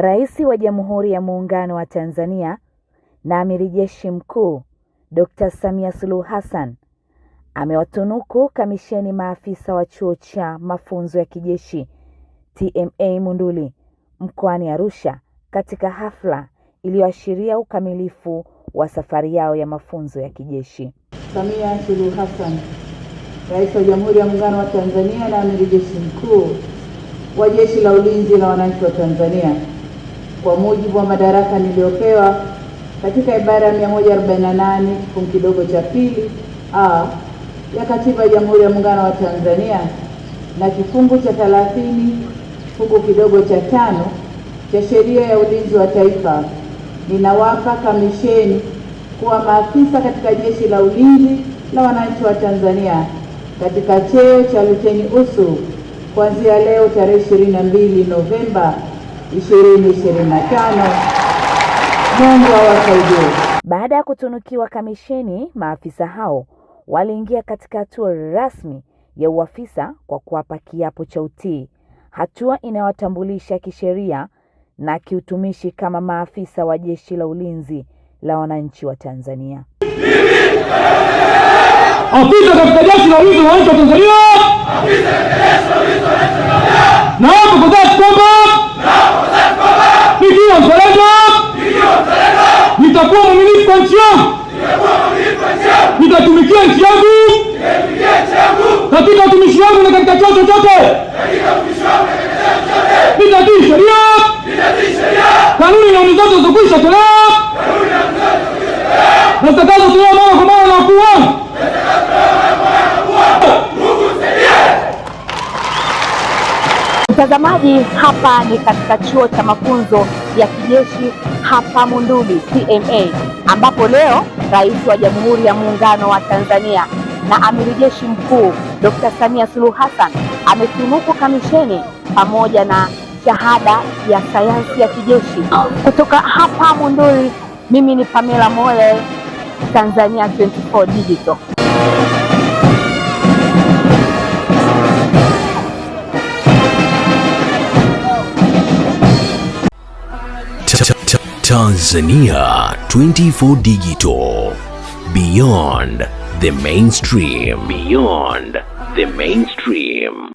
Rais wa Jamhuri ya Muungano wa Tanzania na Amiri Jeshi Mkuu Dkt. Samia Suluhu Hassan amewatunuku kamisheni maafisa wa Chuo cha Mafunzo ya Kijeshi TMA Munduli mkoani Arusha katika hafla iliyoashiria ukamilifu wa safari yao ya mafunzo ya kijeshi. Samia Suluhu Hassan, Rais wa Jamhuri ya Muungano wa Tanzania na Amiri Jeshi Mkuu wa Jeshi la Ulinzi la Wananchi wa Tanzania kwa mujibu wa madaraka niliyopewa katika ibara ya 148 kifungu kidogo cha pili a ya Katiba ya Jamhuri ya Muungano wa Tanzania na kifungu cha 30 kifungu kidogo cha tano cha Sheria ya Ulinzi wa Taifa, ninawapa kamisheni kuwa maafisa katika Jeshi la Ulinzi la Wananchi wa Tanzania katika cheo cha luteni usu kuanzia leo tarehe 22 Novemba ishirini Mungu awasaidie. Baada ya kutunukiwa kamisheni, maafisa hao waliingia katika hatua rasmi ya uafisa kwa kuapa kiapo cha utii, hatua inayowatambulisha kisheria na kiutumishi kama maafisa wa Jeshi la Ulinzi la Wananchi wa Tanzania. Afisa katika Jeshi la Ulinzi la Wananchi wa Tanzania. nitakuwa mwaminifu kwa nchi yangu, nitatumikia nchi yangu katika utumishi wangu na katika chuo chochote, nitatii sheria, kanuni na amri zote zilizokwisha tolewa na zitakazotolewa mara kwa mara na wakuu wangu. Mtazamaji, hapa ni katika chuo cha mafunzo ya kijeshi hapa Monduli TMA, ambapo leo Rais wa Jamhuri ya Muungano wa Tanzania na Amiri Jeshi Mkuu Dr. Samia Suluhu Hassan ametunuku kamisheni pamoja na shahada ya sayansi ya kijeshi. Kutoka hapa Monduli, mimi ni Pamela Mole, Tanzania 24 Digital. Tanzania 24 Digital Beyond the mainstream. Beyond the mainstream.